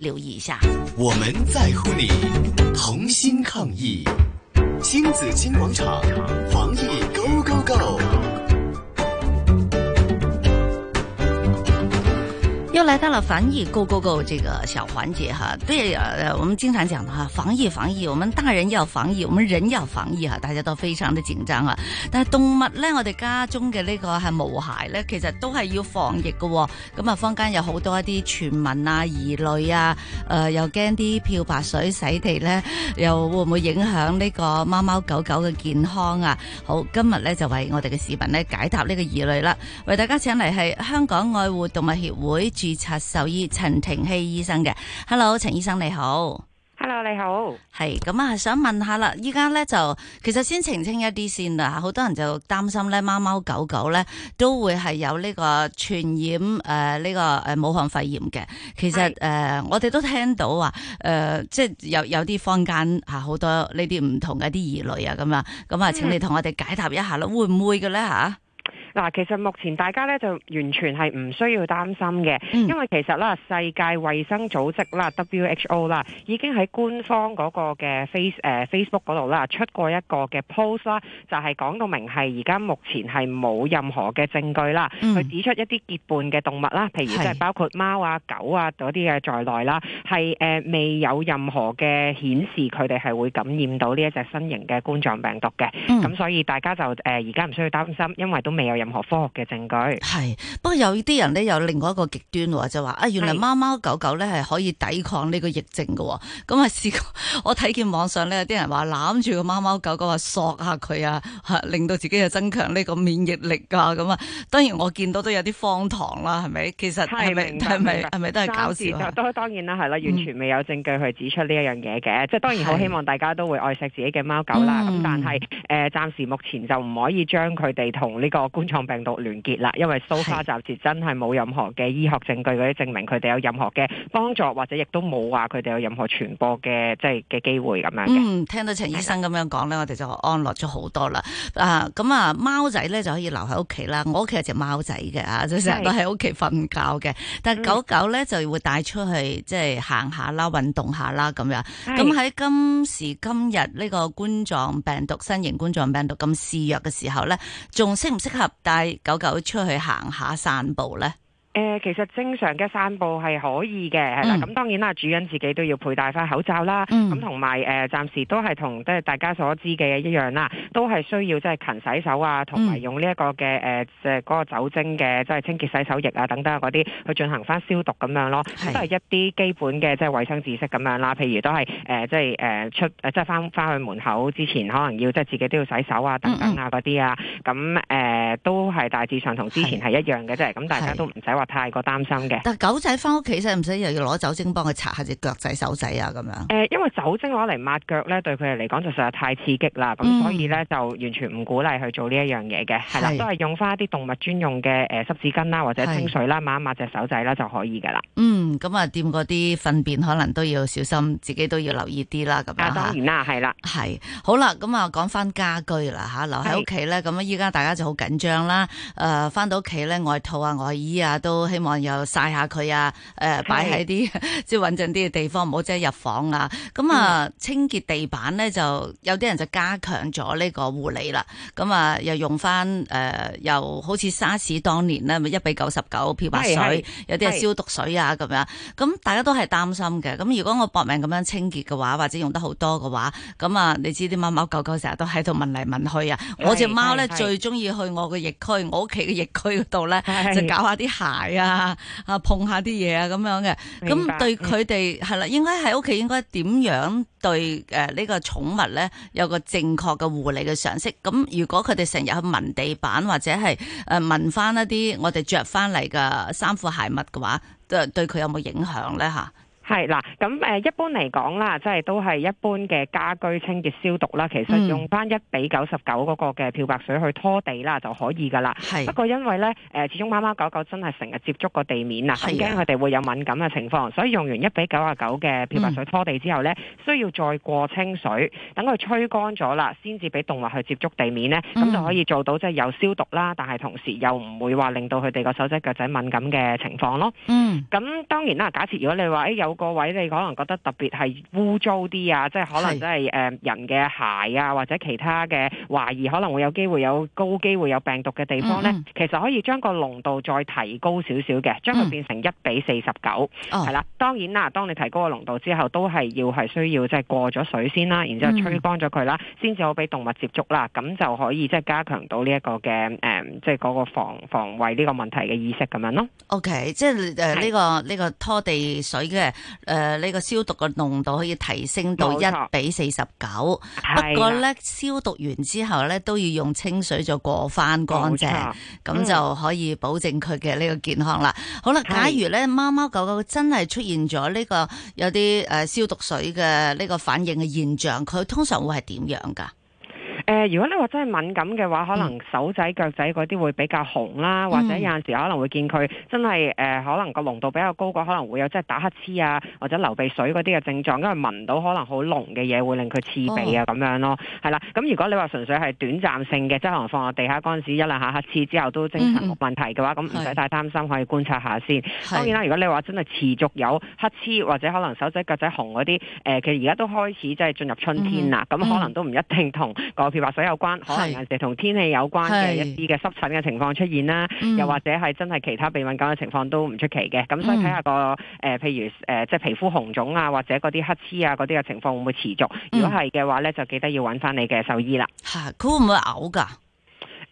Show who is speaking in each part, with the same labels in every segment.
Speaker 1: 留意一下，
Speaker 2: 我們在乎你，同心抗疫，
Speaker 1: 新紫金廣場，防疫 Go Go Go。得到防疫高高高。這個小環節吓，即、啊、係我們經常講的哈，防疫防疫，我們大人又防疫，我們人又防疫哈，大家都非常的緊張啊。但係動物咧，我哋家中嘅呢個係毛孩咧，其實都係要防疫嘅、哦。咁、嗯、啊，坊間有好多一啲傳聞啊，疑慮啊，誒、呃，又驚啲漂白水洗地咧，又會唔會影響呢個貓貓狗狗嘅健康啊？好，今日咧就為我哋嘅市民咧解答呢個疑慮啦，為大家請嚟係香港愛護動物協會查獸醫陳亭熹醫生嘅，Hello，陳醫生你好，Hello，你好，係，咁啊，想問下啦，依家咧就，其實先澄清一啲先啦，好多人就擔心咧，貓貓狗狗咧都會係有呢個傳染誒，呢、呃這個誒武漢肺炎嘅，其實誒是、呃，我哋都聽到啊，誒、呃，即係有有啲坊間吓好多呢啲唔同嘅啲疑慮啊，咁啊，咁啊，請你同我哋解答一下啦，會唔會嘅咧吓？啊嗱，其實目前大
Speaker 2: 家咧就完全係唔需要擔心嘅，嗯、因為其實啦，世界衛生組織啦 （WHO） 啦，已經喺官方嗰個嘅 Face 誒、uh, Facebook 度啦，出過一個嘅 post 啦，就係講到明係而家目前係冇任何嘅證據啦，佢、嗯、指出一啲結伴嘅動物啦，譬如即係包括貓啊、狗啊嗰啲嘅在內啦，係誒是未有任何嘅顯示佢哋係會感染到呢一隻新型嘅冠狀病毒嘅。咁、嗯、所以大家就誒而家唔需要擔心，因為都未有。任何科學嘅證據
Speaker 1: 係，不過有啲人咧有另外一個極端就話、是、啊，原來貓貓狗狗咧係可以抵抗呢個疫症嘅，咁啊試過我睇見網上咧有啲人話攬住個貓貓狗狗話索下佢啊，令到自己啊增強呢個免疫力啊，咁啊，當然我見到都有啲荒唐啦，係咪？其實係咪係咪係咪都係搞笑？暫時當然啦，係啦，
Speaker 2: 嗯、完全未有證據去指出呢一樣嘢嘅，即係當然好希望大家都會愛惜自己嘅貓狗啦。咁吧、嗯、但係誒、呃，暫時目前就唔可以將佢哋同呢個觀新冠病毒連結啦，因為蘇花暫時真係冇任何嘅醫學證據嗰啲證明佢哋有任何嘅幫助，或者亦都冇話佢哋有任何傳播嘅即係嘅機會咁
Speaker 1: 樣嘅。嗯，聽到陳醫生咁樣講咧，的我哋就安樂咗好多啦。啊，咁啊，貓仔咧就可以留喺屋企啦。我屋企有隻貓仔嘅啊，就成日都喺屋企瞓覺嘅。的但狗狗咧就會帶出去即係的行下啦、運動下啦咁樣。咁喺的今時今日呢個冠狀病毒、新型冠狀病毒咁肆虐嘅時候咧，仲適唔適合？帶狗狗出去行下散步咧？誒，其實正常嘅散步係可以嘅，係啦。咁當然啦，
Speaker 2: 主人自己都要佩戴翻口罩啦。嗯。咁同埋誒，暫時都係同即係大家所知嘅一樣啦，都係需要即係勤洗手啊，同埋用呢一個嘅誒即係嗰個酒精嘅即係清潔洗手液啊等等啊嗰啲去進行翻消毒咁樣咯。係。都係一啲基本嘅即係衛生知識咁樣啦，譬如都係誒即係誒出即係翻翻去門口之前，可能要即係自己都要洗手啊等等啊嗰啲啊。嗯。咁誒都係大致上同之前係一
Speaker 1: 樣嘅啫。係。咁大家都唔使。太過擔心嘅，但
Speaker 2: 狗仔翻屋企
Speaker 1: 使唔使又要攞酒精幫佢擦下隻腳仔、手仔啊？咁樣
Speaker 2: 誒，因為酒精攞嚟抹腳咧，對佢哋嚟講就實在太刺激啦。咁、嗯、所以咧就完全唔鼓勵去做呢是一樣嘢嘅。係啦，都係用翻一啲動物專用嘅誒
Speaker 1: 濕紙巾啦，或者清水啦，抹是一抹隻手仔啦就可以噶啦，嗯。嗯，咁啊，掂嗰啲糞便可能都要小心，自己都要留意啲啦。咁啊，當然啦，係啦，係好啦。咁、嗯、啊，講翻家居啦吓，留喺屋企咧，咁啊是，依家大家就好緊張啦。誒、呃，翻到屋企咧，外套啊、外衣啊都。都希望又曬下佢啊！誒，擺喺啲即係穩陣啲嘅地方，唔好即係入房啊！咁啊，清潔地板咧，就有啲人就加強咗呢個護理啦。咁啊，又用翻誒又好似沙士當年咧，咪一比九十九漂白水，有啲消毒水啊咁樣，咁大家都係擔心嘅。咁如果我搏命咁樣清潔嘅話或者用得好多嘅話，咁啊，你知啲貓貓狗狗成日都喺度聞嚟聞去啊！我隻貓咧最中意去我嘅疫區，我屋企嘅疫區度咧就搞下啲鞋。係啊，啊碰下啲嘢啊，咁樣嘅，咁明白，對佢哋係啦，應該喺屋企應該點樣對誒呢個寵物咧，有個正確嘅護理嘅常識。咁如果佢哋成日去聞地板或者係誒聞翻一啲我哋着翻嚟嘅衫褲鞋襪嘅話，誒對佢有冇影響咧吓？係啦，咁誒一般嚟講啦，即係都係一般嘅家居清潔消毒啦。其實用
Speaker 2: 翻一比九十九嗰個嘅漂白水去拖地啦就可以㗎啦。係，不過因為咧誒、呃，始終貓貓狗狗真係成日接觸個地面啊，好驚佢哋會有敏感嘅情況，所以用完一比九十九嘅漂白水拖地之後咧，嗯、需要再過清水，等佢吹乾咗啦，先至俾動物去接觸地面咧，咁、嗯、就可以做到即係有消毒啦，但係同時又唔會話令到佢哋個手仔腳仔敏感嘅情況咯。嗯，咁當然啦，假設如果你話誒、哎、有個位你可能覺得特別係污糟啲啊，即係可能真係誒人嘅鞋啊，或者其他嘅懷疑可能會有機會有高機會有病毒嘅地方咧， 其實可以將個濃度再提高少少嘅，將佢變成一比四十九，係啦。 當然啦，當你提高個濃度之後，都係要係需要即係過咗水先啦，然之後吹乾咗佢啦，先至 好俾動物接觸啦，咁就可以即係加強到呢一個嘅誒，這個 um, 即係嗰個防防衞呢個
Speaker 1: 問題嘅意識咁樣咯。OK，即係誒呢個呢、這個這個拖地水嘅。誒，呢個消毒嘅濃度可以提升到一比四十九，錯不過呢，的消毒完之後呢，都要用清水再過翻乾淨，咁錯就可以保證佢嘅呢個健康啦。嗯、好啦，假如呢，貓貓的狗狗真係出現咗呢個有啲誒消毒水嘅呢個反應嘅現象，佢通常會係點樣噶？誒、呃，如果你話真係敏感嘅話，可能手仔腳仔嗰啲會比較紅啦，嗯、或者有陣時
Speaker 2: 可能會見佢真係誒、呃，可能個濃度比較高個可能會有即係打乞嗤啊，或者流鼻水嗰啲嘅症狀，因為聞到可能好濃嘅嘢會令佢刺鼻啊咁、哦、樣咯，係啦。咁如果你話純粹係短暫性嘅，即係可能放落地下嗰陣時一兩下乞嗤之後都精神冇問題嘅話，咁唔使太擔心，是可以觀察下先。是當然啦，如果你話真係持續有乞嗤或者可能手仔腳仔紅嗰啲，誒、呃，其實而家都開始即係進入春天啦，咁、嗯、可能都唔一定同譬如話水有關，可能係同天氣有關嘅是一啲嘅濕疹嘅情況出現啦，嗯、又或者係真係其他鼻敏感嘅情況都唔出奇嘅。咁、嗯、所以睇下個誒、呃，譬如誒、呃，即係皮膚紅腫啊，或者嗰啲黑黐啊，嗰啲嘅情況會唔會持續？嗯、如果係嘅話咧，就記得要揾翻你嘅獸醫
Speaker 1: 啦。吓、啊，佢會唔會嘔噶？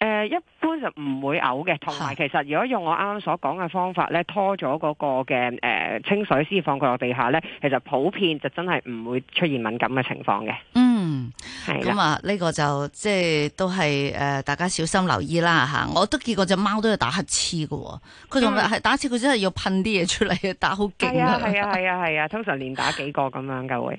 Speaker 2: 誒、呃，一般就唔會嘔嘅。同埋其實如果用我啱啱所講嘅方法咧，拖咗嗰個嘅誒、呃、清水先放佢落地下咧，其實普遍就真係唔會出現敏感嘅情況嘅。嗯。
Speaker 1: 咁 啊，呢、這個就即係都係誒，大家小心留意啦吓！我都見過隻貓都有打乞嗤嘅，佢仲係打黐，佢真係要噴啲嘢出嚟嘅，打好勁。係啊係啊
Speaker 2: 係啊係啊，通常連打幾個咁樣噶會。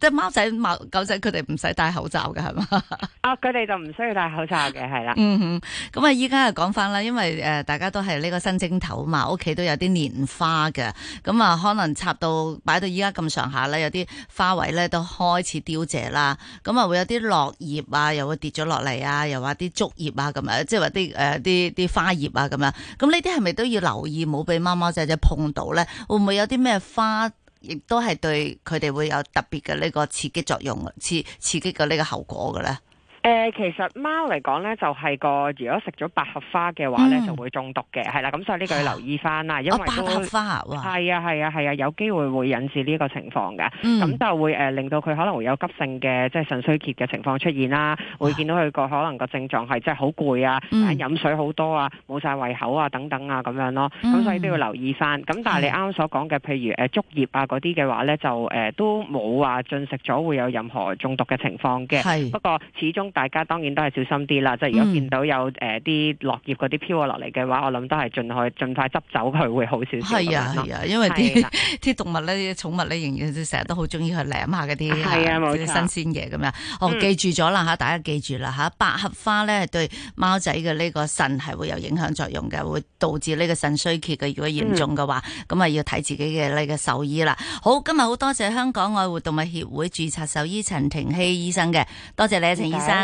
Speaker 1: 即係貓仔、貓狗仔，佢哋唔使戴口罩嘅係嘛？ 啊，佢哋就唔需要戴口罩嘅係啦。嗯哼，咁啊，依家啊講翻啦，因為誒，大家都係呢個新正頭嘛，屋企都有啲年花嘅，咁啊，可能插到擺到依家咁上下咧，有啲花蕊咧都開始凋謝啦。咁咁啊，會有啲落葉啊，又會跌咗落嚟啊，又話啲竹葉啊，咁樣，即係話啲誒，啲、呃、啲花葉啊，咁樣。咁呢啲係咪都要留意，冇俾貓貓仔仔碰到咧？會唔會有啲咩花，亦都係對佢哋會有特別嘅呢個刺激作用，刺刺激嘅呢個後果噶咧？
Speaker 2: 誒、呃，其實貓嚟講咧，就係個如果食咗百合花嘅話咧，嗯、就會中毒嘅，係啦，咁所以呢個要留意翻啦。我百合花喎。係啊，係啊，係啊，有機會會引致呢個情況嘅，咁、嗯、就會誒、呃、令到佢可能會有急性嘅即係腎衰竭嘅情況出現啦，啊、會見到佢個可能個症狀係即係好攰啊，飲、嗯、水好多啊，冇晒胃口啊，等等啊咁樣咯，咁、嗯、所以都要留意翻。咁但係你啱啱所講嘅，譬如誒、呃、竹葉啊嗰啲嘅話咧，就誒、呃、都冇話進食咗會有任何中毒嘅情況嘅，係。不過始終。大家當然都係小心啲啦，即係如果見到有誒啲、呃、落葉嗰啲飄落嚟嘅話，我諗都係盡可盡快執走佢，會好少少。係、嗯、啊係啊，因為啲
Speaker 1: 啲的動物咧、啲寵物咧，仍然成日都好中意去舐下嗰啲係啊冇錯新鮮嘢咁樣。我、哦、記住咗啦嚇，大家記住啦嚇。百合、嗯、花咧對貓仔嘅呢個腎係會有影響作用嘅，會導致呢個腎衰竭嘅。如果嚴重嘅話，咁啊、嗯、要睇自己嘅呢嘅獸醫啦。好，今日好多謝香港愛護動物協會註冊獸醫陳亭熹醫生嘅，多謝你啊，陳醫，醫生。